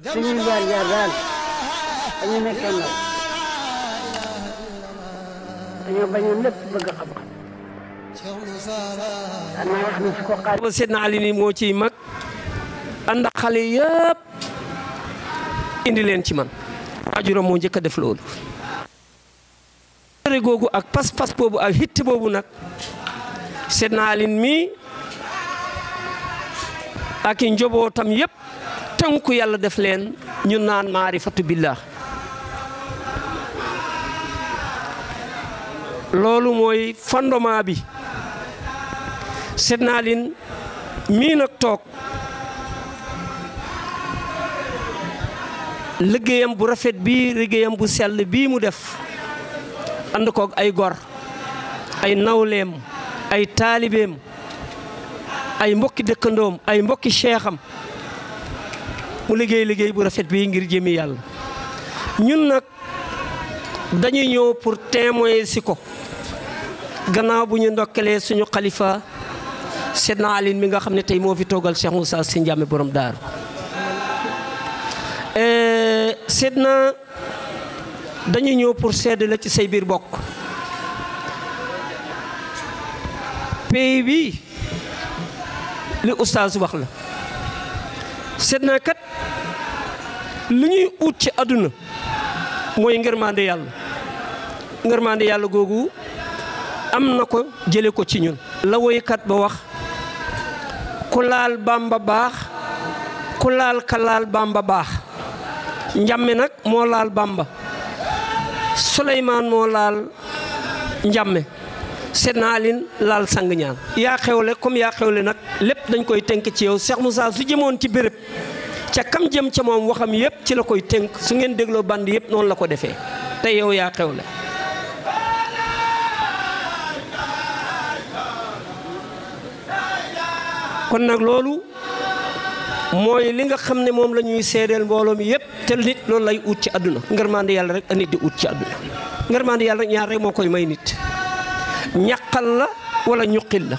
suñuy jaar jaar daal moo ciy mag ànd ak xale yëpp indi leen ci man ajuram moo njëkk def loolu tere googu ak pas-pas boobu ak hitt boobu nag Seydina Ali mi ak i njobootam yëpp tënku yàlla def leen ñu naan maari maarifatu billah loolu mooy fondement bi Seydina naa mii nag toog liggéeyam bu rafet bii liggéeyam bu sell bii mu def ànd koog ay gor ay nawleem ay taalibeem ay mbokki dëkkandoom ay mbokki cheexam mu liggéey liggéey bu rafet bi ngir jëmi yàlla ñun nag dañuy ñëw pour témoigner si ko gannaaw bu ñu ndokkalee suñu xalifa na Alioune mi nga xam ne tey moo fi toogal Cheikh Moussa si Ndiamé borom daaru eh, na dañuy ñëw pour sedd la ci say biir bokk pays bi li oustaz wax la seet naa kat lu ñuy ut ci àdduna mooy ngërmaande yàlla ngërmaande yàlla googu am na ko jële ko ci ñun la woykat ba wax ku laal bamba baax ku laal ka laal bamba baax njàmme nag moo laal bamba Souleymane moo laal njàmme seet naa leen laal sang ñaan yaa xewle comme yaa xewle nag lépp dañ koy tenk ci yow Cheikh Moussa su jëmoon ci béréb ca kam jëm ca moom waxam yépp ci la koy tënk su ngeen dégloo band yépp noonu la ko defee te yow yaa xew la kon nag loolu mooy li nga xam ne moom la ñuy seedeel mbooloo mi yépp te nit loolu lay ut ci àdduna ngërmande yàlla rek a nit di ut ci àdduna ngërmande yàlla rek ñaar rek moo koy may nit ñàqal la wala ñuqil la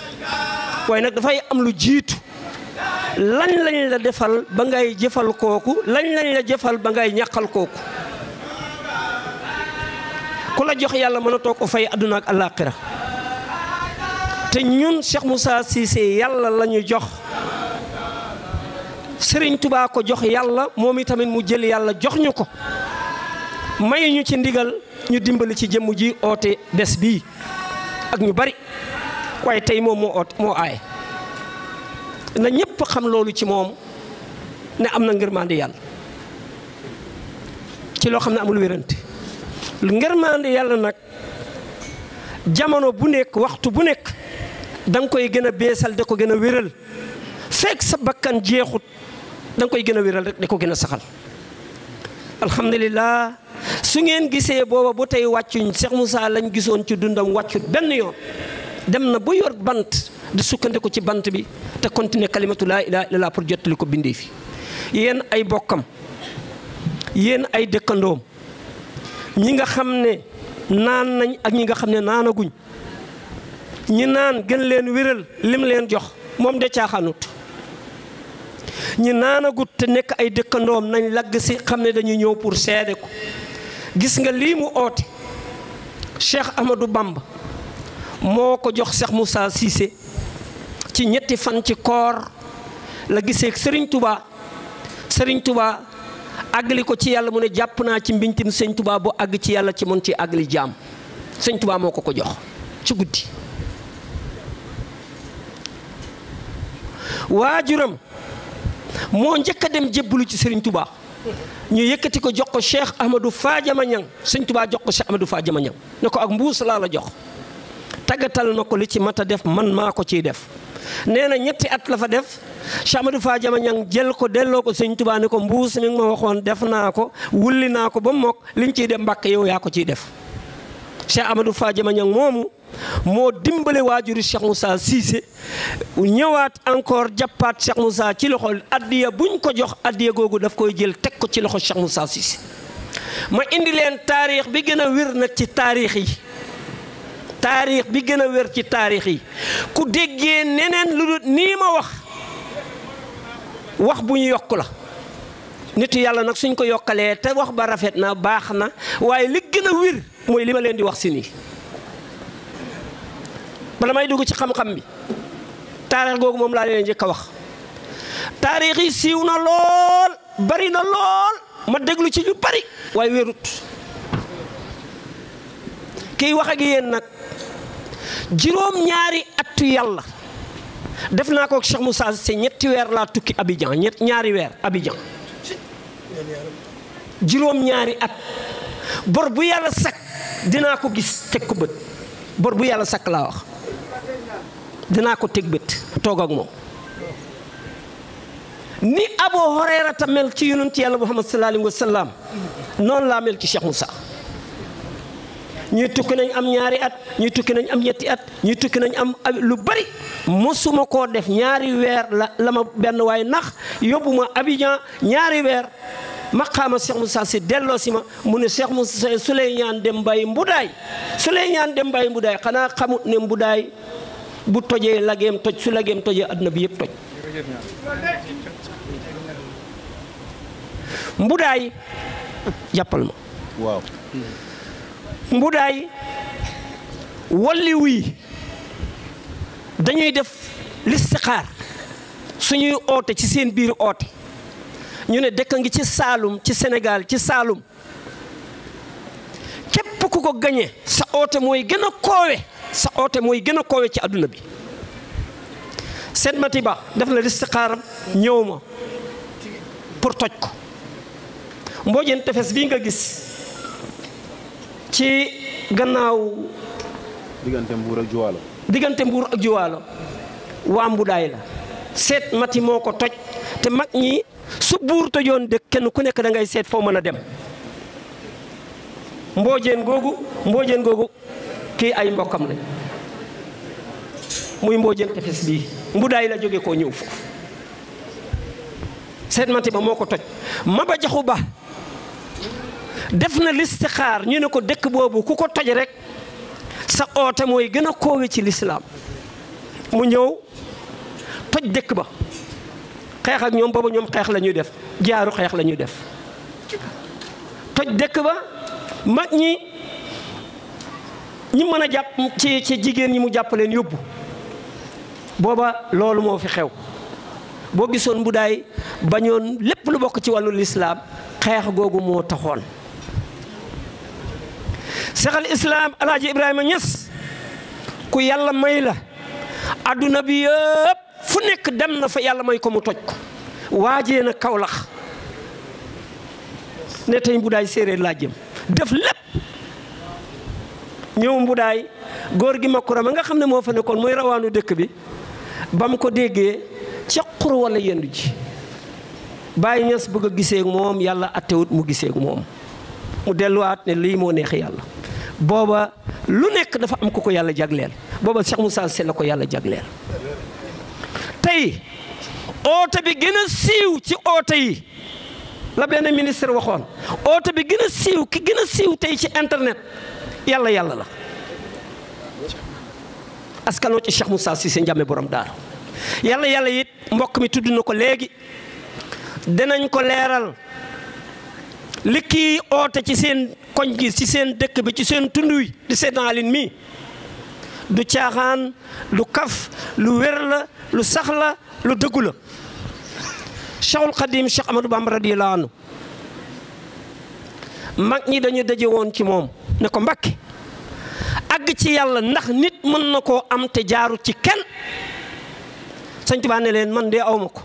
waaye nag dafay am lu jiitu lañ lañ la defal ba ngay jëfal kooku lañ lañ la jëfal ba ngay ñàkkal kooku ku la jox yàlla mën a toog ko fay àdduna ak àllaaxira te ñun Cheikh Moussa siise yàlla la jox Sëriñ Tubaa ko jox yàlla moom i tamit mu jël yàlla jox ñu ko mayuñu ci ndigal ñu dimbali ci jëmm ji oote bés bii ak ñu bari waaye tey moom moo oot moo aaye na ñëpp xam loolu ci moom ne am na ngërmande yàlla ci loo xam ne amul wérante ngërmande yàlla nag jamono bu nekk waxtu bu nekk da koy gën a beesal da ko gën a wéral fekk sa bakkan jeexut da koy gën a wéral rek da ko gën a saxal alhamdulilah su ngeen gisee booba bu tey wàccuñ Cheikh Moussa lañ gisoon ci dundam wàccut benn yoon dem na bu yor bant di sukkandiku ci bant bi te continuer kalimatu laa ilaaha illallaah pour jottali ko bindee fi yéen ay bokkam yéen ay dëkkandoom ñi nga xam ne naan nañ ak ñi nga xam ne naanaguñ ñi naan gën leen wéral lim leen jox moom de caaxaanut ñi naanagut te nekk ay dëkkandoom nañ lagg si xam ne dañuy ñëw pour seede ko gis nga lii mu oote Cheikh Ahmadou bàmb moo ko jox Cheikh Moussa siise ci ñetti fan ci koor la gisee sëriñ tubaa sëriñ tubaa àggali ko ci yàlla mu ne jàpp naa ci mbintim sëñ Touba boo àgg ci yàlla ci mën ci àggali jaam sëñ Touba moo ko ko jox ci guddi waajuram moo njëkk a dem jébbalu ci sëriñ tubaa ñu yëkkati ko jox ko Cheikh Ahmadou Fadiama Niang sëñ Touba jox ko Cheikh Ahmadou Fadiama Niang ne ko ak mbuus laa la jox taggatal na ko li ci mat a def man maa ko ciy def nee na ñetti at lafa def Cheikh Amadou Fa Jama Ñang jël ko delloo ko sëñ Tuubaa ko mbuus mi nga ma waxoon def naa ko wulli naa ko ba mokk liñ ciy def mbàkk yow yaa ko ciy def Cheikh Amadou Fa Jama Ñang moomu moo dimbale waajuru Cheikh Moussa ñëwaat encore jàppaat Cheikh ci loxo addiya buñ ko jox addiya googu daf koy jël teg ko ci loxo Cheikh Moussa Cissé ma indi leen taarix bi gën a wér nag ci taarix yi taariix bi gën a wér ci taarix yi ku déggee neneen lu dul nii ma wax wax bu ñu yokk la nit yàlla nag suñ ko yokkalee te wax ba rafet na baax na waaye li gën a wér mooy li ma leen di wax si nii bala may dugg ci xam-xam bi taarix googu moom laa leen njëkk a wax taarix yi siiw na lool bari na lool ma déglu ci lu bari waaye wérut kiy wax ak yéen nag juróom ñaari attu yàlla def naa ko ak musa Moussa ñetti weer laa tukki Abidjan ñett ñaari weer Abidjan juróom ñaari at bor bu yàlla sakk dinaa ko gis teg ko bët bor bu yàlla sakk laa wax dinaa ko teg bët toog ak moom ni Abu Hurayrata mel ci yonent yàlla Muhammad sallallahu alayhi wa sallam noonu laa mel ci Cheikh Moussa ñuy tukki nañ am ñaari at ñuy tukki nañ am ñetti at ñuy tukki nañ am lu bari mosuma koo def ñaari weer la ma benn waaye nax yóbbu ma Abidjan ñaari weer maqaama Cheikh Moussa si delloo si ma mu ne Cheikh Moussa Souleymane dem mbay mbudaay Souleymane dem mbay mbudaay xanaa xamut ne mbudaay bu tojee lageem toj su lageem tojee adduna bi yëpp toj mbudaay jàppal ma mbudaay walli wii dañuy def listixaar suñuy oote ci seen biir oote ñu ne dëkk ngi ci Saalum ci Sénégal ci Saalum képp ku ko gañe sa oote mooy gën a koowe sa oote mooy gën a koowe ci àdduna bi Seet Matiba def na listixaaram ñëw ma pour toj ko mboojeen tefes bii nga gis ci gannaaw. diggante Mbuur ak Juwaalo. diggante Mbuur ak Juwaalo waa Mbudaay la seet mati moo ko toj te mag ñi su buur tojoon dëkk kenn ku nekk dangay seet foo mën a dem. mboojeen googu mboojeen googu kii ay mbokkam lañ muy mboojeen tefes bii Mbudaay la jóge koo ñëw foofu seet mati ba moo ko toj Maba Jaxu Ba. def na listixaar ñu ne ko dëkk boobu ku ko toj rek sa oote mooy gën a koowe ci lislaam mu ñëw toj dëkk ba xeex ak ñoom boobu ñoom xeex la ñuy def jaaru xeex lañuy def toj dëkk ba mag ñi ñi mën a jàpp ci ci jigéen ñi mu jàppaleen yóbbu booba loolu moo fi xew boo gisoon bu daay bañoon lépp lu bokk ci wàllu lislaam xeex googu moo taxoon sexal islaam alaaji ibrahima ñas ku yàlla may la adduna bi yëpp fu nekk dem na fa yàlla may ko mu toj ko waajee na kawlax ne tey mbudaay séeréer laa jëm def lépp ñëw mbudaay góor gi makkura ma nga xam ne moo fa nekkoon mooy rawaanu dëkk bi ba mu ko déggee ca xur wala yendu ji bàyyi ñes bëgg a gisee moom yàlla attewut mu gisee moom mu delluwaat ne lii moo neexee yàlla booba lu nekk dafa am ku ko yàlla jagleel booba mu Moussa Cissé la ko yàlla jagleel tey oote bi gën a siiw ci oote yi la benn ministre waxoon oote bi gën a siiw ki gën siiw tey ci internet yàlla yàlla la askanoo ci mu Cheikh Moussa Cissé Ndiamé borom daaru yàlla yàlla yit mbokk mi tudd na ko léegi dinañ ko leeral li kii oote ci seen koñ gi ci seen dëkk bi ci seen tund wi di seen alin mi du caaxaan lu kaf lu wér lu sax la lu dëggu la Cheikhul Khadim Cheikh Amadou Bamba mag ñi dañu daje woon ci moom ne ko Mbàkke àgg ci yàlla ndax nit mën na koo am te jaaru ci ken Sëñ Tuubaa ne leen man de awma ko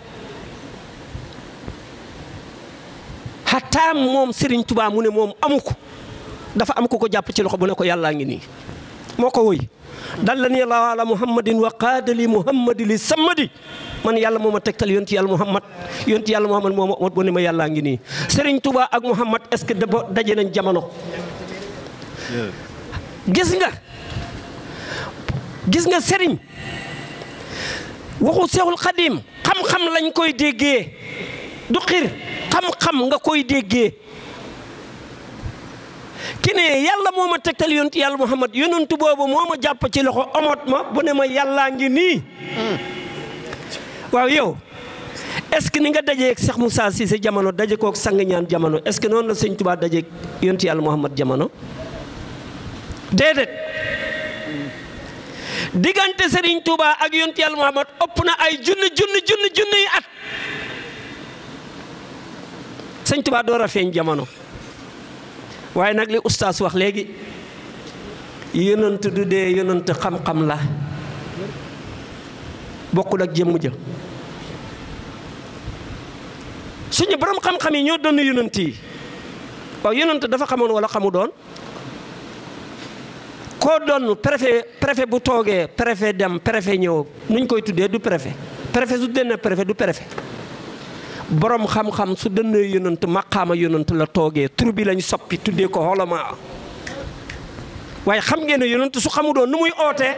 xataa moom Serigne Touba mu ne moom amu ko dafa am ko ko jàpp ci loxo bu ne ko yàllaa ngi nii moo ko woy dallani Allahu ala muhammadin wa qaadali muhammadi li samadi man yàlla moo ma tegtal yonti yàlla muhammad yonti yàlla muhammad moo ma omat bu ne ma yàllaa ngi nii seriñ tubaa ak muhammad est-ce que daba daje nañ jamono gis nga gis nga Serigne waxu Seexul Xadiim xam-xam lañ koy déggee du xam-xam nga koy déggee ki ne yàlla moo ma tegtal yonent yàlla Muhammad yonent boobu moo ma jàpp ci loxo omot ma bu ne ma yàllaa ngi nii waaw yow est-ce que ni nga dajeeg Cheikh Moussa Cissé jamono daje kook sang ñaan jamono est-ce que noonu la sëñ Tuubaa dajeeg yonent yàlla Muhammad jamono déedéet diggante Serigne Touba ak yonent yàlla Muhammad ëpp na ay junni junni junni junni at sëñ Tuubaa door a feeñ jamono waaye nag li ustaas wax léegi yonent du dee yonent xam-xam la bokkul ak jëmm ja suñu borom xam-xam yi ñoo doon yonent yi waaw yonent dafa xamoon wala xamu doon koo doon préfet préfet bu toogee préfet dem préfet ñëw nuñ koy tuddee du préfet préfet su dee na préfet du préfet borom xam-xam su dënnee yonant maqaama yonant la toogee tur bi lañ soppi tuddee ko xolama waaye xam ngeen ne yonant su xamu doon nu muy ootee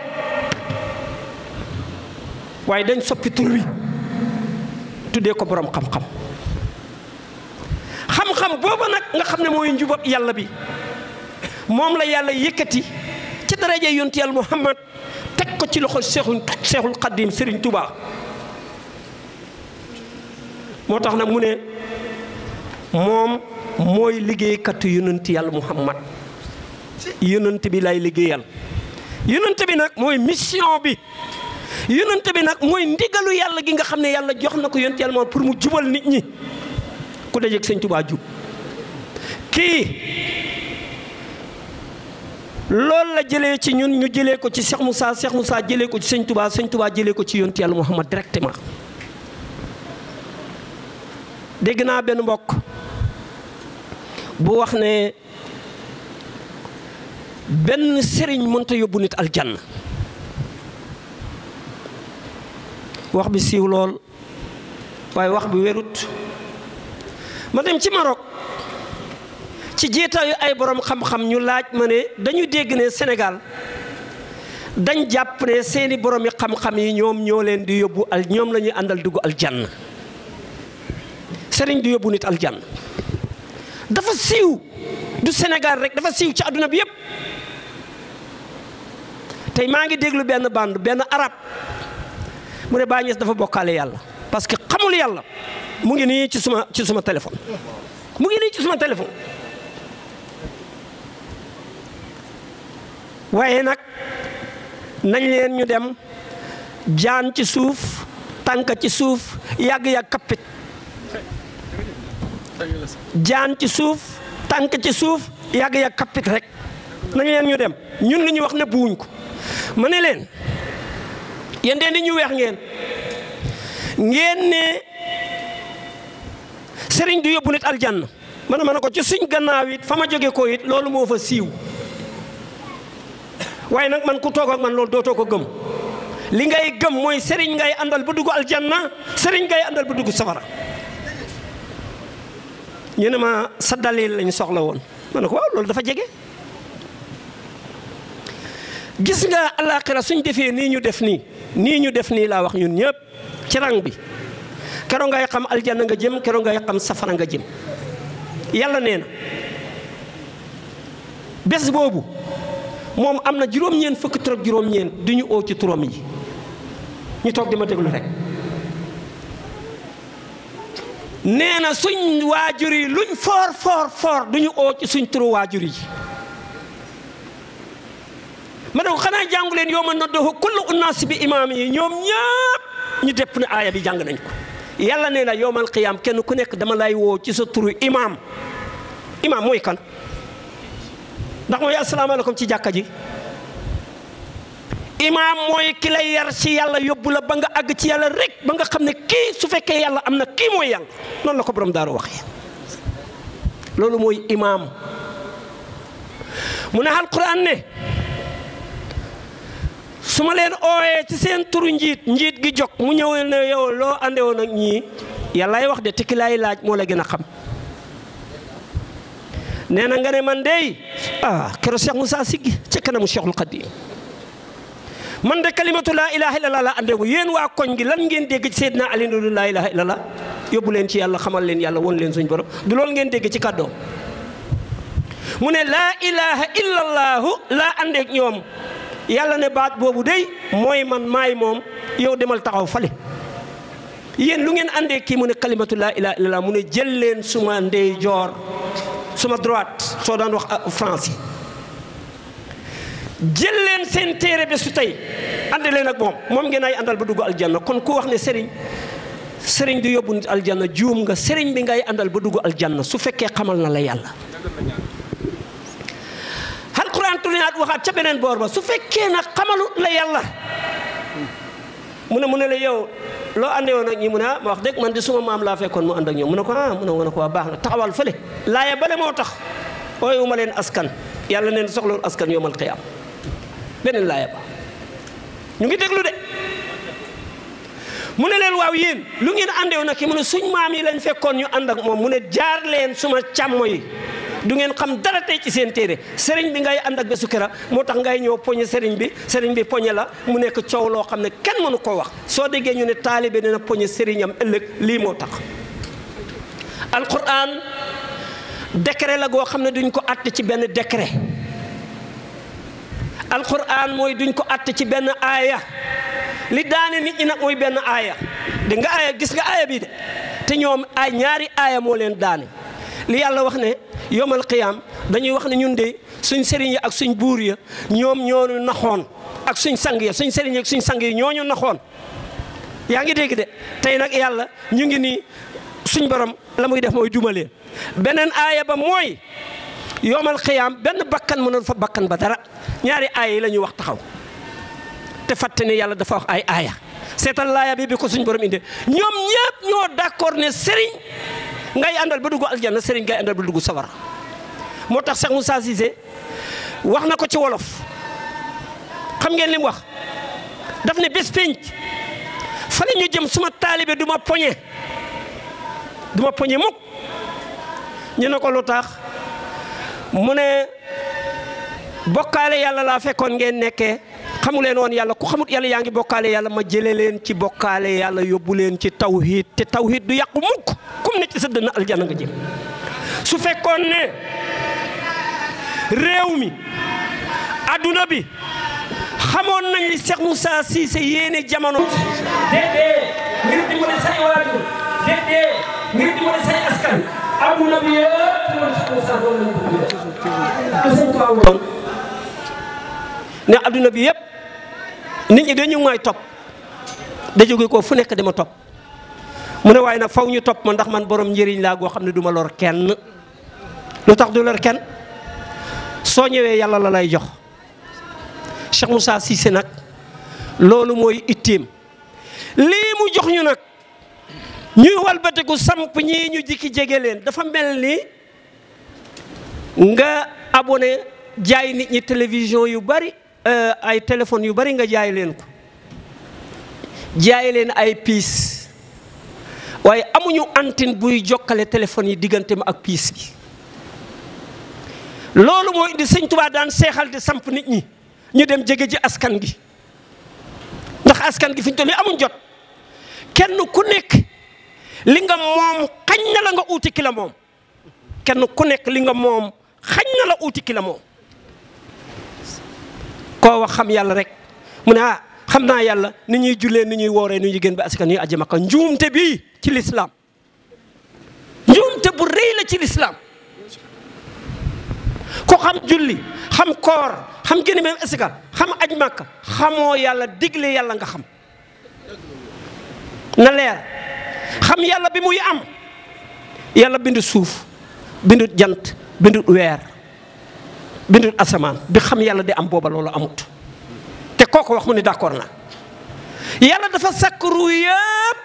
waaye dañ soppi tur tuddee ko boroom xam-xam xam-xam booba nag nga xam ne mooy njubab yàlla bi moom la yàlla yëkkati ci daraja yontu yàlla Muhammad teg ko ci loxo seexul seexul xaddim sëriñ tubaa moo tax nag mu ne moom mooy liggéeykatu yonent yàlla muhammad yonent bi lay liggéeyal yonent bi nag mooy mission bi yonent bi nag mooy ndigalu yàlla gi nga xam ne yàlla jox na ko yonent yàlla moom pour mu jubal nit ñi ku dajeeg sëñ Tuubaa jub kii loolu la jële ci ñun ñu jële ko ci Cheikh Moussa Cheikh Moussa jëlee ko ci sëñ Tuubaa sëñ Tuubaa jëlee ko ci yonent yàlla muhammad directement deg na ben mbok bu wax ne ben sëriñ munta yobbu nit aljanna wax bi siw lol way wax bi werut ma dem ci Maroc ci yu ay borom xam-xam ñu laaj mané dañu dégg né Sénégal dañ japp né seeni borom yi xam-xam yi ñom ñoleen di yobbu al ñom lañuy andal duggu sëriñ du yóbbu nit aljan dafa siiw du senegal rek dafa siiw ci àdduna bi yëpp tey maa ngi déglu benn band benn arab mu ne Baay Ñas dafa bokkaale yàlla parce que xamul yàlla mu ngi nii ci suma ci suma téléphone mu ngi nii ci suma téléphone waaye nag nañ leen ñu dem jaan ci suuf tànk ci suuf yàgg-yàgg kappit jaan ci suuf tànk ci suuf yàgg-yàgg kappit rek nañu leen ñu dem ñun lu ñuy wax ne wuñ ko ma ne leen yéen deen di ñu weex ngeen ngeen ne sëriñ du yóbbu nit aljanna ma ne ma ne ko ci suñ gannaaw it fa ma jóge ko it loolu moo fa siiw waaye nag man ku toog ak man loolu dootoo a gëm li ngay gëm mooy sëriñ ngay àndal bu dugg aljanna sëriñ ngay àndal bu dugg safara ñu ne ma sa dalil lañ soxla woon ma ne ko waaw loolu dafa jege gis nga alaaxira suñ defee nii ñu def nii nii ñu def nii laa wax ñun ñëpp ci bi kero ngay xam aljanna nga jëm kero ngay xam safara nga jëm yàlla nee na bés boobu moom am na juróom-ñeent fukki tur ak juróom-ñeent du ñu oo ci turam yi ñu toog di ma déglu rek nee na suñ waajur yi luñ foor foor foor duñu oo ci suñ turu waajur yi ma ne ko xanaa jàngu leen yow ma noddohu kullu unnaas bi imaam yi ñoom ñëpp ñu depp na aaya bi jàng nañ ko yàlla nee na yowmal qiyaam kenn ku nekk dama lay woo ci sa turu imaam imaam mooy kan ndax mooy asalaamaaleykum ci jàkka ji imaam mooy ki yar ci yàlla yóbbu la ba nga àgg ci yàlla rek ba nga xam ne kii su fekkee yàlla am na kii mooy yàlla noonu la ko borom daaru waxee loolu mooy imaam mu ne alquran ne su ma leen ooyee ci seen turu njiit njiit gi jog mu ñëwee ne yow loo ànde woon ak ñii yàllaay wax de tekki laay laaj moo la gën a xam nee na nga ne man dey ah keroog Cheikh Moussa Siggi ca kanamu Cheikhul Khadim man de kalimatu laa ilaha illallah la àndeeku yéen waa koñ gi lan ngeen dégg ci Seydina Ali Ndour laa ilaha illallah yóbbu leen ci yàlla xamal leen yàlla won leen suñ borom du lool ngeen dégg ci kàddoom mu ne laa ilaha illallahu laa àndeek ñoom yàlla ne baat boobu dey mooy man maay moom yow demal taxaw fale yéen lu ngeen àndee kii mu ne kalimatu laa ilaha illallah mu ne jël leen suma ndeyjoor suma droite soo daan wax euh, français jël leen seen téere ba su tey ànd leen ak moom moom ngeen ay àndal ba dugg aljanna kon ku wax ne sëriñ sëriñ du yóbbu nit aljanna juum nga sëriñ bi ngay àndal ba dugg aljanna su fekkee xamal na la yàlla alquran tunaat waxaat ca beneen boor ba su fekkee nag xamalu la yàlla mu ne mu ne la yow loo àndee woon ak ñi mu ne ah, ma wax dëgg man di suma maam laa fekkoon mu ànd ñoom mu ne ko ah mu ne mu ko waa baax na taxawal fa fële laaya bale moo tax ooyuma leen askan yàlla neen soxlawul askan yoomal qiyaam beneen laaya ba ñu ngi déglu de mu ne leen waaw yéen lu ngeen àndeew nag ki mu ne suñ maam yi lañ fekkoon ñu ànd ak moom mu ne jaar leen suma càmmo yi du ngeen xam dara tey ci seen téere sëriñ bi ngay ànd ak bésu kera moo tax ngay ñëw poñe sëriñ bi sëriñ bi poñe la mu nekk coow loo xam ne kenn mënu koo wax soo déggee ñu ne taalibe dina poñe sëriñam ëllëg lii moo tax alquran décret la goo xam ne duñ ko àtt ci benn décret alquran moy duñ ko att ci ben aya li daane nit ñi nak moy ben aya de nga aya gis nga aya bi de te ñom ay ñaari aya mo leen daane li yalla wax ne yomal qiyam dañuy wax ne ñun de suñ serigne ya ak suñ buur ya ñom ñoonu naxoon ak suñ sang ya suñ serigne ya ak suñ sang yi ñooñu naxoon yaa ngi de tay nak yalla ñu ngi ni suñ borom lamuy def moy dumale benen aya ba moy yomal qiyam ben bakkan mënul fa bakkan ba dara ñaari aaya yi la ñuy wax taxaw te fàtte ni yàlla dafa wax ay aaya seetal laaya bi ko suñ borom inde ñoom ñëpp ñoo d'accord ne sëriñ ngay àndal ba dugg aljanna sëriñ ngay àndal ba dugg sawar moo tax Cheikh Moussa Cissé wax na ko ci wolof xam ngeen li wax daf ne bés pénc fa la ñu jëm suma taalibe du ma poñe du ma poñe mukk ñu ne ko lu taax mu ne bokkaale yàlla laa fekkoon ngeen nekkee xamu leen woon yàlla ku xamut yàlla yaa ngi bokkaale yàlla ma jëlee leen ci bokkaale yàlla yóbbu leen ci tawhid te tawhid du yàqu mukk kum ne ci sëdd na aljana nga su fekkoon ne réew mi adduna bi xamoon nañ li Cheikh Moussa Cissé yéene jamono. déedéet ngir dimbali say waajur déedéet ngir dimbali say askan adduna bi yëpp loolu Cheikh Moussa loolu lañ ko ne àdduna bi yëpp nit ñi dañu may topp da jóge ko fu nekk dama topp mu ne waaye nag faw ñu topp ma ndax man borom njëriñ laa goo xam ne duma ma lor kenn lu tax du lor kenn soo ñëwee yàlla la lay jox Cheikh Moussa Cissé nag loolu mooy itteem lii mu jox ñu nag ñuy walbatiku samp ñii ñu jikki jege leen dafa mel ni nga abone jaay nit ñi télévision yu bari Euh, ay téléphone yu bari nga jaay leen ko jaay leen ay piis waaye amuñu antenne buy jokkale téléphone yi diggante ma ak piis bi loolu moo indi sëñ Tuubaa daan seexal di samp nit ñi ñu dem jege ji askan gi ndax askan gi fi ñu toll amuñ jot kenn ku nekk li nga moom xañ na la nga uuti ki la moom kenn ku nekk li nga moom xañ na la uuti ki la moom koo wax xam yàlla rek mu ne ah xam naa yàlla ni ñuy jullee ni ñuy wooree ni ñuy gën ba askan ñuy aji makka njuumte bii ci lislaam njuumte bu rëy la ci lislaam ku xam julli xam koor xam génn même askan xam aj makka xamoo yàlla digle yàlla nga xam na leer xam yàlla bi muy am yàlla bindu suuf bindu jant bindu weer bindu asamaan bi xam yàlla di am booba loolu amut te kooku wax mu ni d'accord na yàlla dafa sàkk ruu yëpp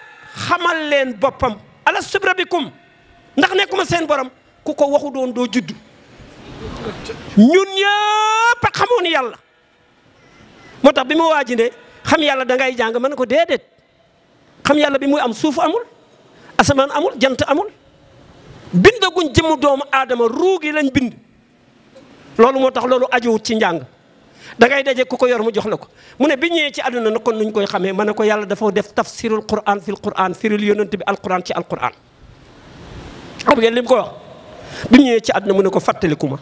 xamal leen boppam alastu bi rabbikum ndax ma seen borom ku ko waxu doon doo juddu ñun ñëpp a xamoon yàlla moo tax bi mu waaji ne xam yàlla da ngay jàng mën ko déedéet xam yàlla bi muy am suuf amul asamaan amul jant amul bindaguñ jëmu doomu aadama ruu gi lañ bind loolu moo tax loolu ajuwut ci njàng da ngay daje ku ko yor mu jox la ko mu ne bi ñëwee ci àdduna na kon nuñ koy xamee ma ne ko yàlla dafa def tafsirul quran fil quran firil yonent bi alquran ci alquran xam ngeen li ko wax bi mu ñëwee ci àdduna mu ne ko fàttaliku ma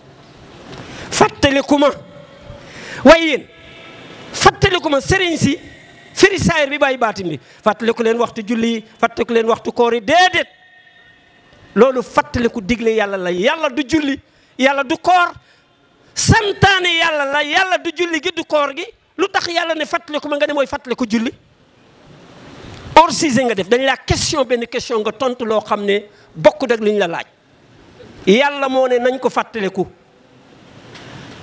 fàttaliku ma waaye yéen fàttaliku ma sëriñ si firi saayir bi bàyyi baatin bi fàttaliku leen waxtu julli yi leen waxtu koor yi déedéet loolu fàttaliku digle yàlla la yàlla du julli yàlla du koor santaane yàlla la yàlla du julli gi du koor gi lu tax yàlla ne fàttaliku ma nga ne mooy fàttaliku julli hors sujet nga def dañ laa question benn question nga tontu loo xam ne bokkut ak liñ la laaj yàlla moo ne nañ ko fàttaliku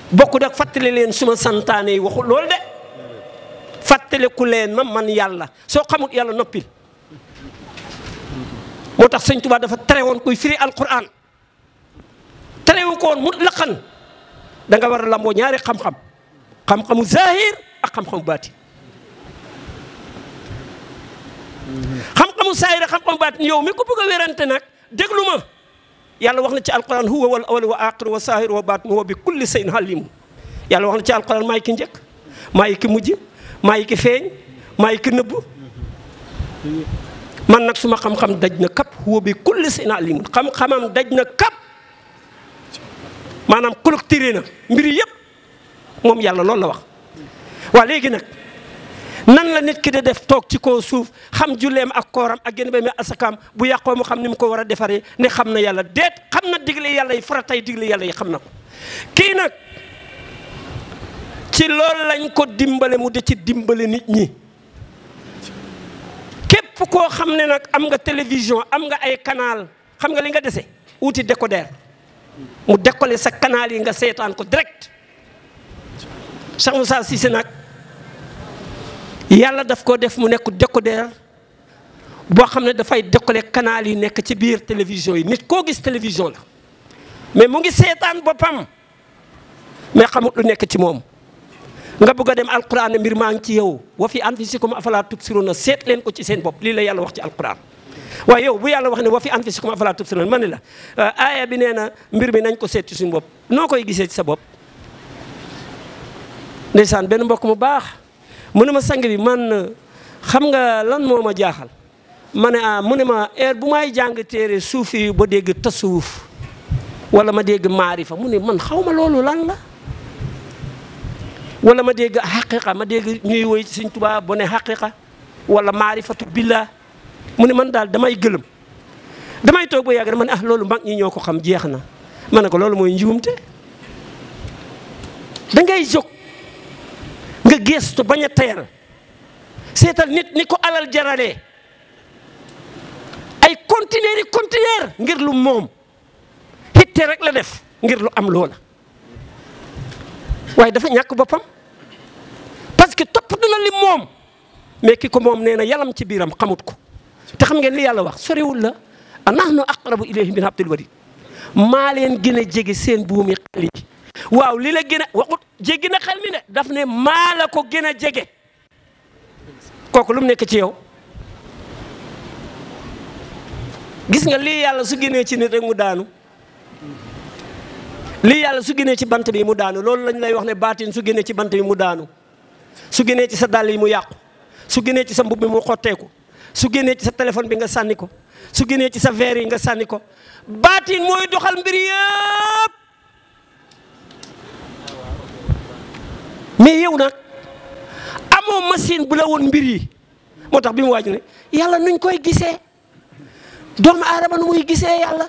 bokkut ak fàttali leen suma santaane yi waxu loolu de fàttaliku leen ma man yàlla soo xamut yàlla noppil moo tax sëñ Tuubaa dafa tere woon kuy firi alquran terewu ko woon mutlaqan danga war a lamboo ñaari xam-xam xam-xamu zahir ak xam-xamu baati xam-xamu zahir ak xam-xamu baati yow mi ko bëgg a wérante nag déglu ma yàlla wax na ci alquran huwa wal awal wa aqir wa zahir wa batin wa bi kulli sayin halimu yàlla wax na ci alquran maay ki njëkk maay ki mujj maay ki feeñ maay ki nëbb man nag suma xam-xam daj na kap huwa bi kulli sayin halimu xam-xamam daj na kap maanaam clôturé na mbir yëpp moom yàlla loolu la wax waa léegi nag nan la nit ki di def toog ci kaw suuf xam julleem ak kooram ak génn ba mi asakaam bu yàqoo mu xam ni mu ko war a defaree ne xam na yàlla déet xam na digle yàlla yi faratay digle yàlla yi xam na ko kii nag ci loolu lañ ko dimbale mu di ci dimbale nit ñi képp koo xam ne nag am nga télévision am nga ay kanaal xam nga li nga dese wuti décodeur mu décoller sa kanaal yi nga seetaan ko direct Cheikh Moussa Cissé nag yàlla daf koo def mu nekk décodeur boo xam ne dafay décoller kanaal yi nekk ci biir télévision yi nit koo gis télévision la mais mu ngi seetaan boppam mais xamut lu nekk ci moom nga bëgg a dem alquran mbir maa ngi ci yow wa fi anfusikum afala na seet leen ko ci seen bopp lii la yàlla wax ci alquran waaye yow bu yàlla wax ne wa fi anfusikum afalaa tubsiruun ma ne la euh, aaya bi nee na mbir mi nañ ko seet ci suñu bopp noo koy gisee sa bopp ndeysaan benn mbokk mu baax mu ne ma sang bi man xam nga lan moo a jaaxal ma ne ah mu ne ma heure bu may jàng téere suufi yu ba dégg tasawuf wala ma dégg maarifa mu ne man xaw ma loolu lan la wala ma dégg xaqiqa ma dégg ñuy woy Sëñ Tuubaa bu ne xaqiqa wala maarifatu billah mu ne man daal damay gëlëm damay toog ba yàgg rek ma ne ah loolu mag ñi ñoo ko xam jeex na ma ne ko loolu mooy njuumte da dangay jog nga geestu bañ a tayal seetal nit ni ko alal jaralee ay conteneur yi ngir lu moom hitte rek la def ngir lu am loola waaye dafa ñàkk boppam parce que topp dina moom mais ki ko moom nee na yalam ci biiram xamut ko te xam ngeen li yàlla wax soriwul la a nahnu aqrabu ilayhi min hablil warid maa leen gën a jege seen buumi xel yi waaw li la gën a waxut jéggi na xel mi ne daf ne maala la ko gën a jege kooku lu mu nekk ci yow gis nga lii yàlla su génnee ci nit rek mu daanu lii yàlla su génnee ci bant bi mu daanu loolu lañ lay wax ne baatin su génnee ci bant bi mu daanu su génnee ci sa dàll yi mu yàqu su génnee ci sa mbub bi mu xotteeku su génnee ci sa téléphone bi nga sànni ko su génnee ci sa verre yi nga sànni ko baatin mooy doxal mbir yëpp mais yow nag amoo machine bu la woon mbir yi moo tax bi mu waaj ne yàlla nuñ koy gisee doomu aadama nu muy gisee yàlla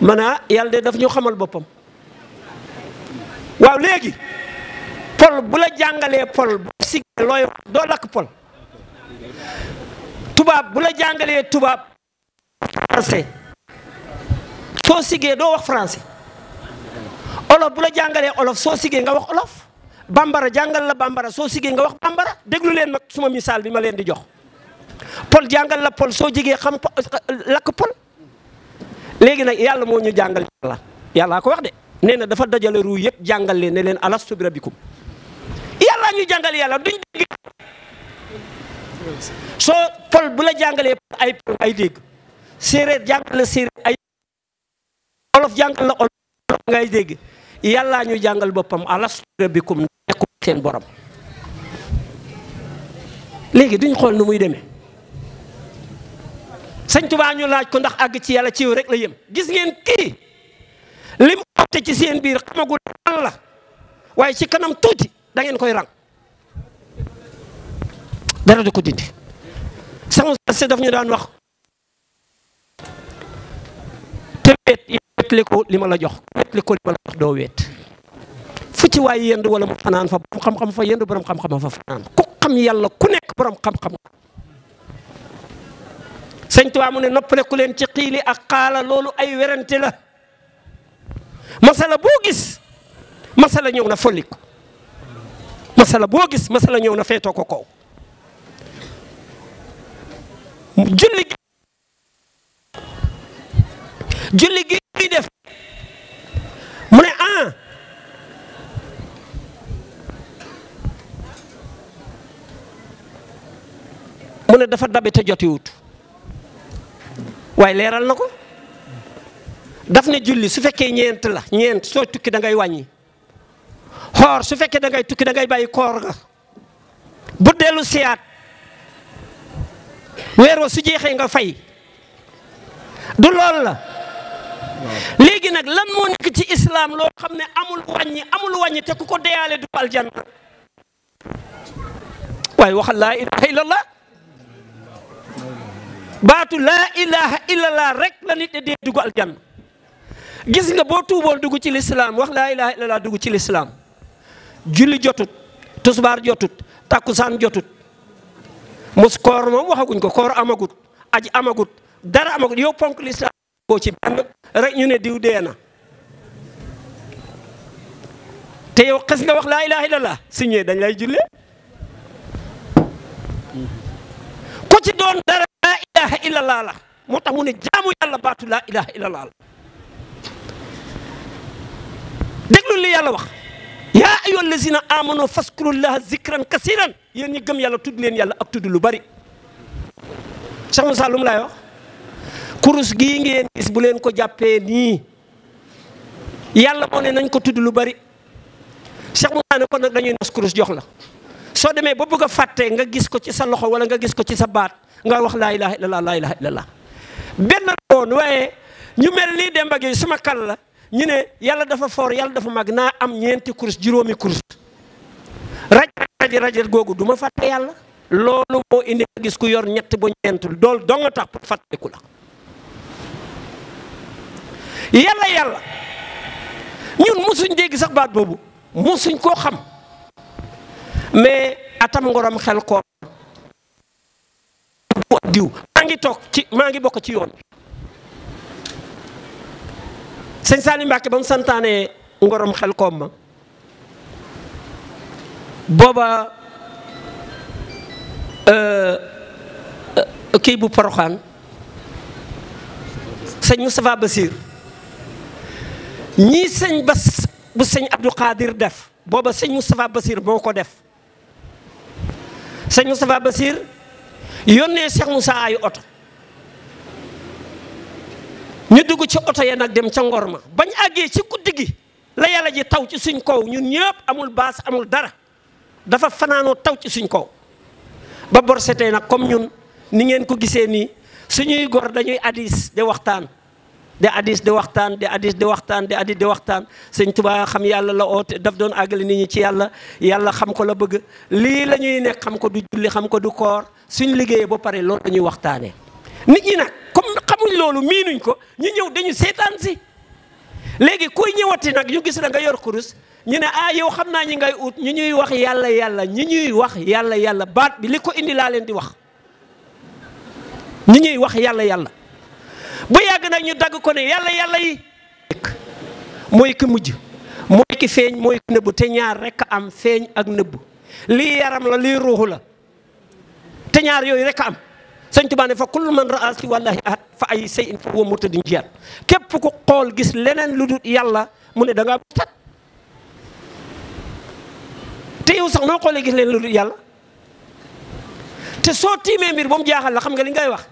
maanaa ah, yàlla de daf ñu xamal boppam waaw léegi pol bu la jàngalee pol siggee doo lakk pol tubaab bu jàngalee tubaab français soo siggee doo wax français olof bu la jàngalee olof soo siggee nga wax olof bambara jàngal la bambara soo siggee nga wax bambara déglu leen nag suma misaal bi ma leen di jox pol jàngal la pol soo jigee xam lakk pol léegi nag yàlla moo ñu jàngal yàlla yàllaa ko wax de nee na dafa dajale ruu yëpp jàngal leen ne leen alastu bi alxuraan jàngal yàlla duñ dégg bu la jàngalee ay séeréer jàngal la séeréer ay olof jàngal la olof ngay dégg yàllaa ñu jàngal boppam alastu rabbikum nekkum seen borom léegi duñ xool nu muy demee sëñ Tuubaa ñu laaj ko ndax àgg ci yàlla yow rek la yem gis ngeen kii li mu ci seen biir xamagul lan la waaye ci kanam tuuti da ngeen koy rang dara du ko dindi sama se daf ñu daan wax te weet wetli ko li ma la jox wetli ko li la jox doo weet fu ci waay yendu wala mu fanaan fa borom xam-xam fa yendu borom xam-xam fa fanaan ku xam yàlla ku nekk borom xam-xam sëñ Tuubaa mu ne noppaleku leen ci xiili ak xaala loolu ay werante la masala boo gis masala ñëw na folliko masala boo gis masala ñëw na feetoo ko kaw julli gi julli gi def mu ne ah mu ne dafa dabate jotiwut waaye leeral na ko daf ne julli su fekkee ñeent la ñeent soo tukki dangay wàññi xoor su fekkee dangay tukki da ngay bàyyi koor ga bu dellu siyaat weer wa su jeexee nga fay du lool la léegi nag lan moo nekk ci islaam loo xam ne amul wàññi amul wàññi te ku ko deyaale du aljanna waaye waxal laa ilaha illallah baatu laa ilaha illallah rek la nit dee dugg aljanna gis nga boo tuubool dugg ci lislaam wax laa ilaha laa dugg ci lislaam julli jotut tusbaar jotut takkusaan jotut mos koor moom waxaguñ ko koor amagut aji amagut dara amagut yow ponk lislaam boo ci benn rek ñu ne diw dee na te yow xes nga wax laa ilaha illallah signé dañ lay jullee ko ci doon dara laa ilaha illallah la moo tax mu ne jaamu yàlla baatu laa ilaha illallah la déglu li yàlla wax yaa ayyuha allazina amanu faskurullaha zikran kasiran yéen ñi gëm yàlla tudd leen yàlla ak tudd lu bari Cheikh Moussa lu kurus gii ngeen gis bu leen ko jàppee nii yàlla moo ne nañ ko tudd lu bari Cheikh Moussa ne kon nag dañuy nos kurus jox la soo demee ba bëgg a fàtte nga gis ko ci sa loxo wala nga gis ko ci sa baat nga wax laa ilaha illallah laa ilaha illallah benn woon waaye ñu mel nii Demba Gueye suma kal la ñu ne yàlla dafa foor yàlla dafa mag naa am ñeenti kurus juróomi kurus raj raj raj googu duma ma fàtte yàlla loolu moo indi gis ku yor ñett bu ñeentul dool doo nga tax pour fàtteku la yàlla yàlla ñun mosuñ dégg sax baat boobu mosuñ koo xam mais atam ngorom xel koor diw maa ngi toog ci maa ngi bokk ci yoon bi sëñ Saali Mbàkke ba mu santaanee ngorom xel koom ma booba euh, kii bu poroxaan sëñ Moustapha Basir ñii sëñ Bas bu sëñ Abdou Khadir def booba sëñ Moustapha Basir moo ko def sëñ Moustapha Basir yónnee Cheikh Moussa ay oto ñu dugg ci auto ya nak dem ci ngor ma bañ agge ci guddi gi la yalla ji taw ci suñ ko ñun ñepp amul bas amul dara dafa fanano taw ci suñ ko ba bor setee nak comme ñun ni ngeen ko gisee ni suñuy gor dañuy hadis de waxtaan de hadis de waxtaan de hadis de waxtaan de hadis de waxtaan señ tuba xam yalla la oot daf doon agal nit ñi ci yalla yalla xam ko la bëgg li lañuy nekk xam ko du julli xam ko du koor suñ liggéey ba pare loolu lañuy nit ñi nag comme xamuñ loolu miinuñ ko ñu ñëw dañu seetaan si léegi kuy ñëwati nag ñu gis na nga yor kurus ñu ne ah yow xam naa ñi ngay ut ñu ñuy wax yàlla yàlla ñi ñuy wax yàlla yàlla baat bi li ko indi laa leen di wax ñi ñuy wax yàlla yàlla bu yàgg nag ñu dagg ko ne yàlla yàlla yi mooy ki mujj mooy ki feeñ mooy ki nëbbu te ñaar rekk am feeñ ak nëbb lii yaram la lii ruuxu la te ñaar yooyu rekk am sëñ Tuubaa ne fa kullu man raa si wallaahi ahad fa ay say in fa huwa murtadin jiyaat képp ku xool gis leneen lu dul yàlla mu ne da ngaa murtad te yow sax noo xoolee gis leneen lu dul yàlla te soo tiimee mbir ba mu jaaxal la xam nga li ngay wax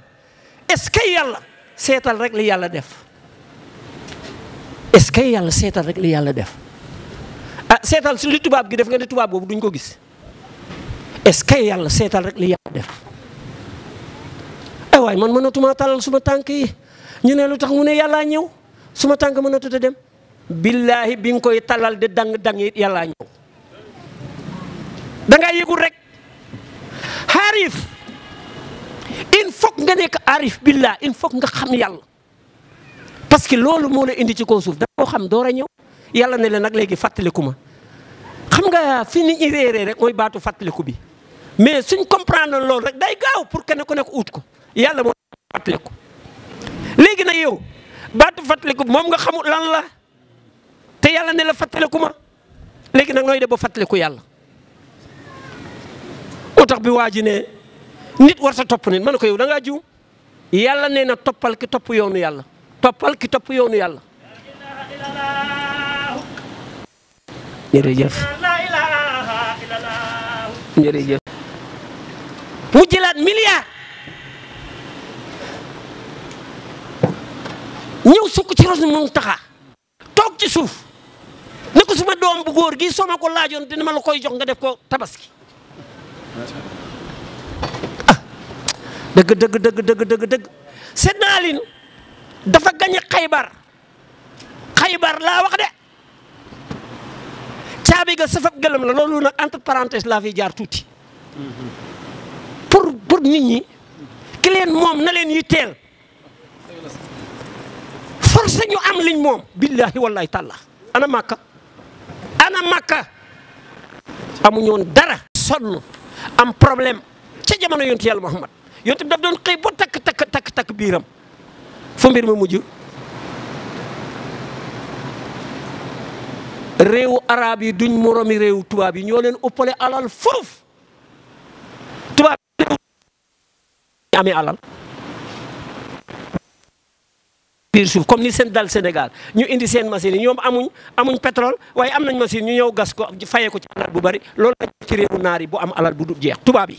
est-ce que yàlla seetal rek li yàlla def est-ce que yàlla seetal rek li yàlla def ah seetal su li tubaab gi def nga ne tubaab boobu duñ ko gis est-ce que yàlla seetal rek li yàlla def ay eh waay man mënatumaa talal suma tànk yi ñu ne lu tax mu ne yàllaa ñëw suma tànk mënatut a dem billaahi bi nga koy talal di dang dang it yàllaa ñëw dangaa yëgul rek xaarif il faut nga nekk arif billah il faut nga xam yàlla parce que loolu moo la indi ci kaw suuf da koo xam door a ñëw yàlla ne la nag léegi fàttaliku ma xam nga fi nit ñi réeree rek mooy baatu fàttaliku bi mais suñ comprendre loolu rek day gaaw pour que ne ko nekk ut ko yàlla moo léegi nag yow baatu fàttaliku moom nga xamul lan la te yàlla ne la fàttaliku ma léegi nag nooy def ba fàttaliku yàlla moo tax bi waa ji nit war sa topp nit ma ne ko yow da jiw yàlla nee na toppal ki topp yoonu yàlla toppal ki topp yoonu yàlla jërëjëf jërëjëf mu jëlaat milliard ñëw sukk ci rosu Muntaxa toog ci suuf ne ko suma doom bu góor gi soo ma ko laajoon dina ma la koy jox nga def ko tabaski ah dëgg dëgg dëgg dëgg dëgg dëgg Seydina dafa gañe xaybar xaybar laa wax de caabi ga safab gëlëm la loolu nag entre parenthèse laa fiy jaar tuuti mm-hmm. pour pour nit ñi ki leen moom na leen yi teel force ñu am liñ moom billaahi wallaahi tàlla ana màkka ana màkka amuñoon dara sonn am problème ca jamono yontu yàlla muhammad yontu daf doon xëy ba takk takk takk takk biiram fu mbir ma mujj réewu arab yi duñ moromi réewu tubaab yi ñoo leen ëppale alal foofu tubaab yi alal biir suuf comme ni seen dal Sénégal ñu indi seen machine yi ñoom amuñ amuñ pétrole waaye am nañ machine ñu ñëw gas ko fayee ko ci alal bu bari loolu la ci naar yi bu am alal bu du jeex tubaab yi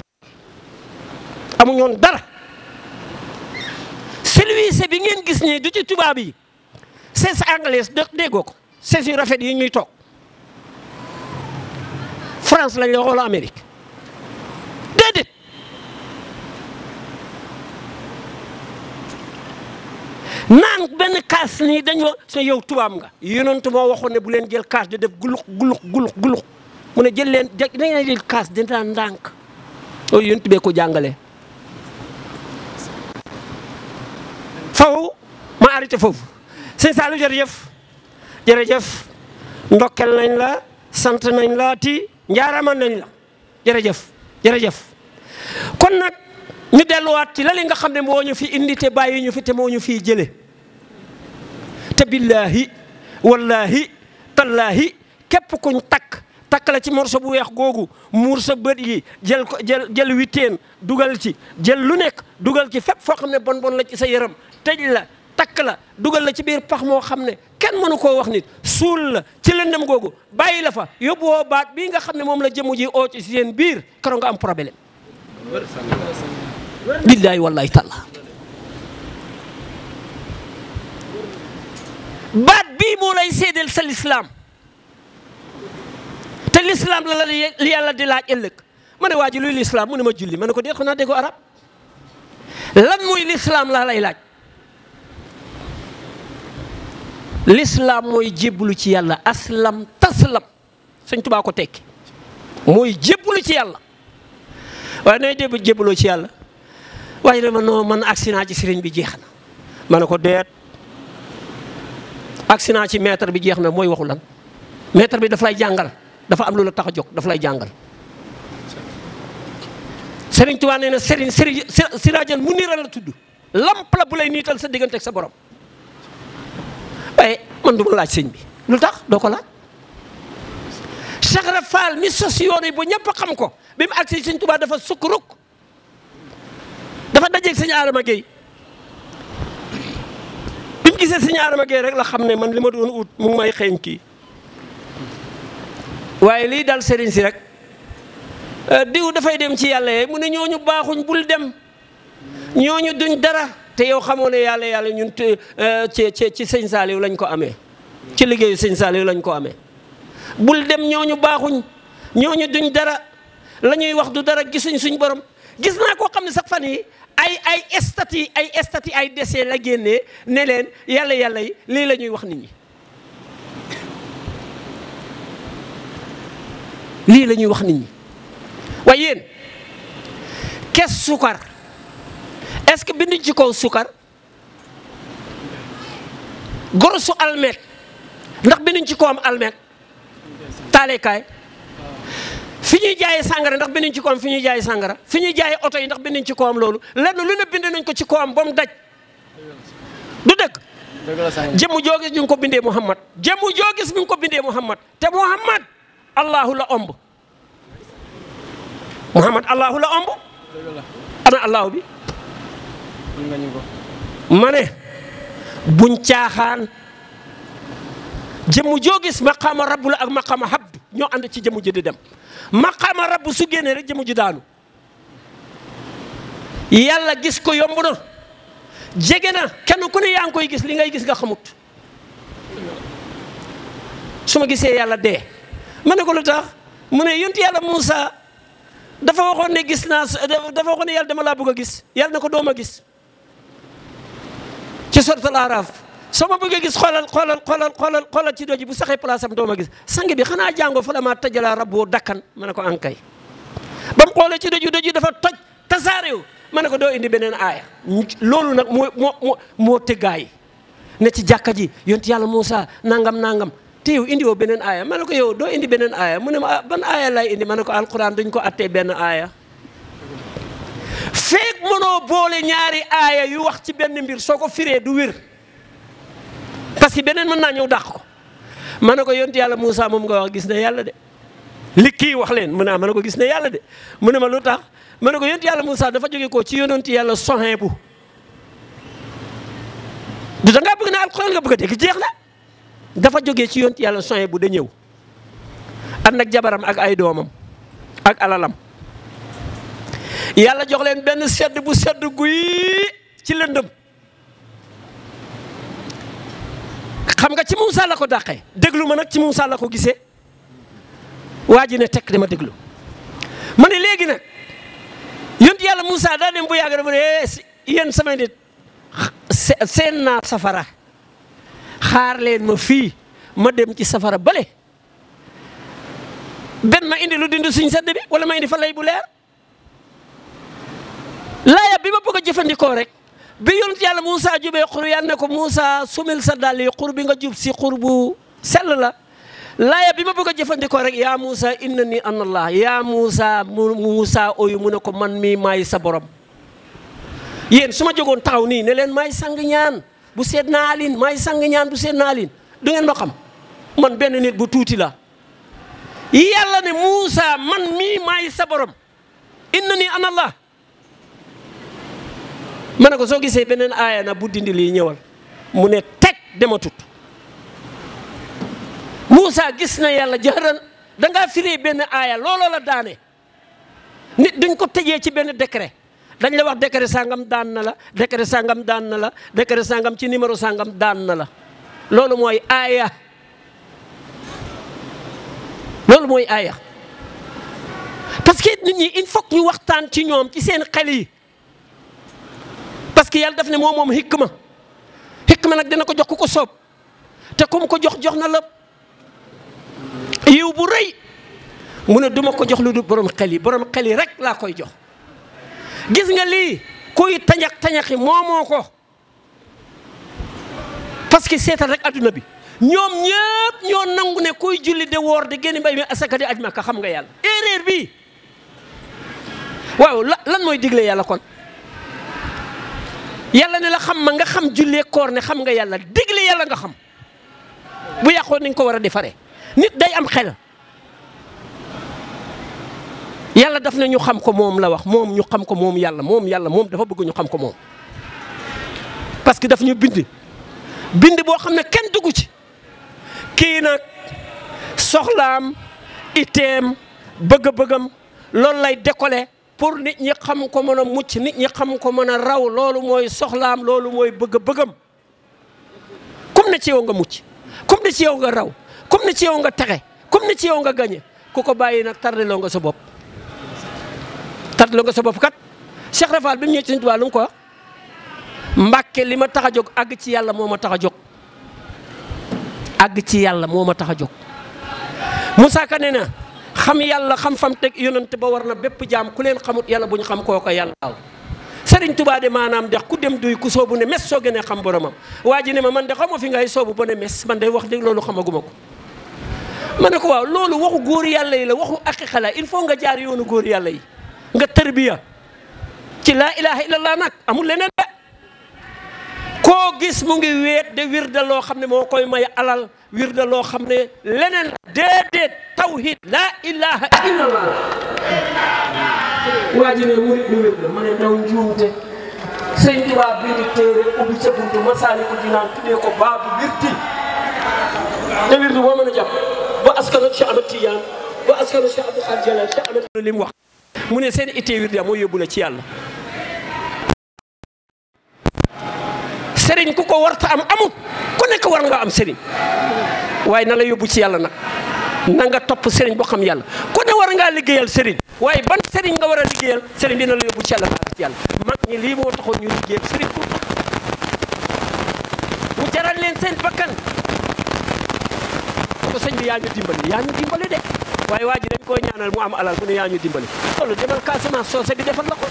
amuñoon dara service bi ngeen gis nii du ci tubaab yi c'est de déggoo ko c'est yu rafet yi ñuy toog France lañ la xooloo Amérique naan benn kaas nii dañoo sa yow tubaab nga yonent moo waxoon ne bu leen jël kaas di def gulux gulux gulux gulux mu ne jël leen da ngeen jël kaas dinaa ndànk loolu yonent bee ko jàngale faw ma arrêté foofu sëñ Saliou jërëjëf jërëjëf ndokkel nañ la sant nañ la ti njaarama nañ la jërëjëf jërëjëf kon nag ñu delluwaat ci la nga xam ne moo ñu fi indi te bàyyi ñu fi te moo ñu fiy jële te billahi wallahi tallahi tak, kuñ tak tak la ci morso bu wex gogu morso jalunek, yi jël ko jël jël witen dugal ci jël lu nek dugal ci fep fo xamne bon bon la ci sa yeram tej la tak la dugal la ci bir pax mo xamne kenn mënu ko wax nit sul ci la fa yobbo baat bi nga xamne mom la jëmu ji o ci seen bir karo nga am problème. billahi wallahi baat bii moo lay séedeel sa lislaam te lislaam la la li yàlla di laaj ëllëg ma ne waa ji luy lislaam mu ne ma julli ma ne ko déet xanaa déggoo arab lan mooy lislaam laa lay laaj lislaam mooy jébbalu ci yàlla aslam taslam sëñ Tubaa ko tekki mooy jébbalu ci yàlla waaye nooy dégg jébbaloo ci yàlla waaye ma noo man agsi naa ci sëriñ bi jeex na ma ne ko deet agsi naa ci maître bi jeex na mooy waxu lan maître bi dafa lay jàngal dafa am lu la tax a jóg daf lay jàngal. Serigne Touba nee na Serigne Serigne Siraajan mu niiral la tudd lamp la bu niital sa diggante sa borom ay eh, man laaj sëñ bi lu tax doo ko laaj. Cheikh Ibra Fall mi sos yoon yi bu ñëpp xam ko bi mu agsi Serigne Touba dafa sukk rukk dafa dajeeg sëñ Adama Gueye mu gisee sëñ Adama Gueye rek la xam ne man li ma doon ut mu ngi may xeeñ kii waaye liy dal sëriñ si rek euh, diw dafay dem ci yàlla yee mu ne ñooñu baaxuñ bul dem ñooñu duñ dara te yow xamoo ne yàlla yàlla ñun euh, ci ci ci sëñ Saaliw lañ ko amee ci liggéeyu sëñ Saaliw lañ ko amee bul dem ñooñu baaxuñ ñooñu duñ dara la ñuy wax du dara gisuñ suñ borom gis naa koo xam ne sax fan yi ay ay statut ay statut ay décès la génne ne yàlla yàlla yi lii la wax nit ñi lii lañuy wax nit ñi waaye yéen kees sukar est-ce que binduñ ci kaw sukar gorosu almet ndax binduñ ci am almet taalekaay fi ñuy jaayee sàngara ndax binduñ ci koom fi ñuy jaayee sàngara fi ñuy jaayee oto yi ndax binduñ ci koom loolu lenn lu ne bind nañ ko ci koom ba mu daj du dëkk jëmm joo gis ñu ngi ko bindee Muhammad jëmm joo gis ko bindee Muhammad te Muhammad allahu la omb ana allahu bi ma ne buñ caaxaan jëmm joo gis maqaama rabbula ak hab ñoo ànd ci jëmu ji di dem maqaama rabb su génnee rek jëmu ji daanu yàlla gis ko yomb na jege na kenn ku ne yaa ngi koy gis li ngay gis nga xamut su ma gisee yàlla dee ma ne ko lu tax mu ne yonent yàlla Moussa dafa waxoon ne gis naa dafa waxoon ne dama laa bëgg a gis yàlla na ko doom a gis ci sortal sama bëggee gis xolal xolal xolal xolal xolal ci doji bu saxé place am doo gis sangi bi xana jango fa la maa tëjala rabbu dakan manako ankay bam xolé ci doji doji dafa toj tasarew manako do indi beneen aya loolu nag mo mo moo ne ci jakka ji yonti yalla musa nangam nangam teew indi wo benen aya manako yow do indi benen aya mune ma ban aya lay indi manako alquran duñ ko atté benn aya fek mënoo boole ñaari aya yu wax ci benn mbir soko firé du wir parce que beneen mën naa ñëw dàq ko ma ne ko yonti yàlla Moussa moom nga wax gis na yàlla de li kii wax leen mu ne ah ma ne ko gis na yàlla de mu ne ma lu tax ma ne ko yonti yàlla Moussa dafa jóge ko ci yonenti yàlla soxin bu du da ngaa bëgg na alxuraan nga bëgg a dégg jeex na dafa jógee ci yonti yàlla soxin bu da ñëw ànd ak jabaram ak ay doomam ak alalam yàlla jox leen benn sedd bu sedd guy ci lëndëm xam nga ci Moussa la ko dàqee déglu ma nag ci Moussa la ko gisee waa ji ne tekk dama déglu ma ne léegi nag yont yàlla Moussa daa dem bu yàgg dafa ne eh, yéen samay nit seen naa safara xaar leen ma fii ma dem ci safara bale benn ma indi lu dindi suñ sedd bi wala ma indi fa bu leer laaya bi ma bëgg jëfandikoo rek bi yonent yàlla Moussa jubee xur yàlla ne ko Moussa sumil sa dàll yi xur bi nga jub si xur bu sell la laaya bi ma bëgg a jëfandikoo rek yaa Moussa inna ni an allah yaa Moussa mu Moussa oyu ne ko man mii maay sa borom yéen su ma jógoon taxaw nii ne leen maay sang ñaan bu seet naa alin maay sang ñaan bu seet naa alin ma xam man benn nit bu tuuti la yàlla ne Moussa man mii maay sa borom inna ni an allah ma ne ko soo gisee beneen aaya na bu dindi lii ñëwal mu ne teg dematut Moussa gis na yàlla jaxëran da ngaa firee benn aaya looloo la daane nit dañ ko tëjee ci benn décret dañ la wax décret sàngam daan na la décret sàngam daan na la décret sàngam ci numéro sàngam daan na la loolu mooy aaya loolu mooy aaya parce que nit ñi il faut ñu waxtaan ci ñoom ci seen xel yi que yàlla daf ne moo moom hikma hikma nag dina ko jox ku ko soob te ku ko jox jox na la yiw bu rëy mu ne duma ko jox lu dul borom xel yi borom xel yi rek laa koy jox gis nga lii kuy tañax tañaxi moomoo ko parce que seetal rek adduna bi ñoom ñëpp ñoo nangu ne kuy julli de woor de génn mbay mi asaka di aj maka xam nga yàlla erreur bi waaw lan mooy digle yàlla kon yàlla ne la xam ma nga xam julle koor ne xam nga yàlla digle yàlla nga xam bu yakko ni ko wara defare nit day am xel yàlla daf na ñu xam ko mom la wax mom ñu xam ko mom yàlla mom yàlla mom dafa bëgg ñu xam ko mom parce que daf ñu bind bind bo xam ne kenn duggu ci ki nak soxlam item bëgg-bëggam lool lay décoller pour nit ñi xam ko mën a mucc nit ñi xam ko mën a raw loolu mooy soxlaam loolu mooy bëgg-bëggam comme ne ci nga mucc comme ne ci yow nga raw comme ne ci nga texe comme ne ci yow nga gañe ku ko bàyyi nag tardé loo nga sa bopp tardé loo nga sa bopp kat Cheikh Rafal bi mu ñëwee ci Sëñ ko wax Mbàkke li ma tax a jóg àgg ci yàlla moo ma tax a jóg àgg ci yàlla moo ma tax a jóg Moussa Ka nee xam yàlla xam fam teg yonent ba war na bépp jaam ku leen xamut yàlla bu xam koo ko yàlla waaw seriñ tubaa de maanaam dex ku dem duy ku soobu ne mes soo gënee xam boromam waa ji ne ma man de xamoo fi ngay soobu ba ne mes man de wax dëgg loolu xamaguma ko ma ne ko waaw loolu waxu góor yàlla yi la waxu aqiqa la il faut nga jaar yoonu góor yàlla nga tërbiya ci laa ilaha illallah nag amul leneen de koo gis mu ngi weet de wir da loo xam ne moo koy may alal wir da loo xam ne leneen déedéet tawhid laa ilaha illallah waa ji ne murit mu wér la ma ne ndaw njuumte sëñ Tuubaa bi di téere ubbi ca buntu Masaalikul Jinaan tuddee ko baabu wirdi te wirdi boo mën a jàpp ba askanu Cheikh Ahmed Tidiane ba askanu Cheikh Abdou Khadre Jilani Cheikh Ahmed li mu wax mu ne seen ittee wirdi moo yóbbu la ci yàlla seriñ ku ko warta am amut ku nekk war nga am sëriñ waaye na la yóbbu ci yàlla na na nga topp sëriñ boo xam yàlla ku ne war ngaa liggéeyal sëriñ waaye ban sëriñ nga war a liggéeyal sëriñ dina la yóbbu ci yàlla naa ci yàlla mag ñi lii moo taxoon ñu liggéeyal sëriñ pour mu jaral leen seen bakkan ko sëñ bi yaa ñu dimbali yaa ñu dimbali de waaye waa ji dañ koy ñaanal mu am alal mu ne yaa ñu dimbali loolu demal Casamance soose bi defal la ko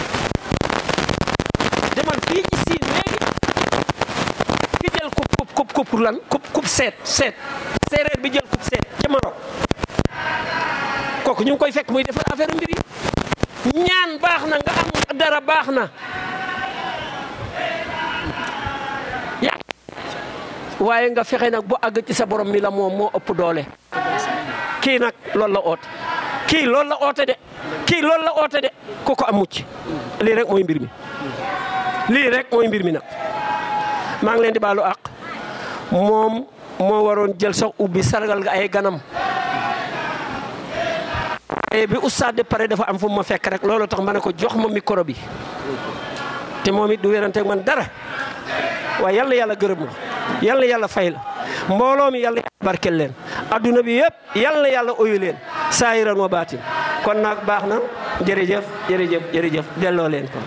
coupe lan coupe coupe seet seet séeréer bi jël coupe seet ca Maroc kooku ñu ngi koy fekk muy defar affaire mbir yi ñaan baax na nga am dara baax na waaye nga fexe nag bu àgg ci sa borom mi la moom moo ëpp doole kii nag loolu la oote kii lool la oote de kii loolu la oote de ku ko am mucc lii rek mooy mbir mi lii rek mooy mbir mi nag maa ngi leen di baalu àq moom moo waroon jël sax ubbi sargal nga ay ganam waaye bi oustaz de pare dafa am fu ma fekk rek loolu tax ma ne ko jox ma micro bi te moom it du wéranteeg man dara waaye yàlla yàlla gërëm la yàlla yàlla fay la mbooloo mi yàlla yàlla barkel leen adduna bi yëpp yàlla yàlla oyu leen saayiran wa baatin kon nag baax na jërëjëf jërëjëf jërëjëf delloo leen ko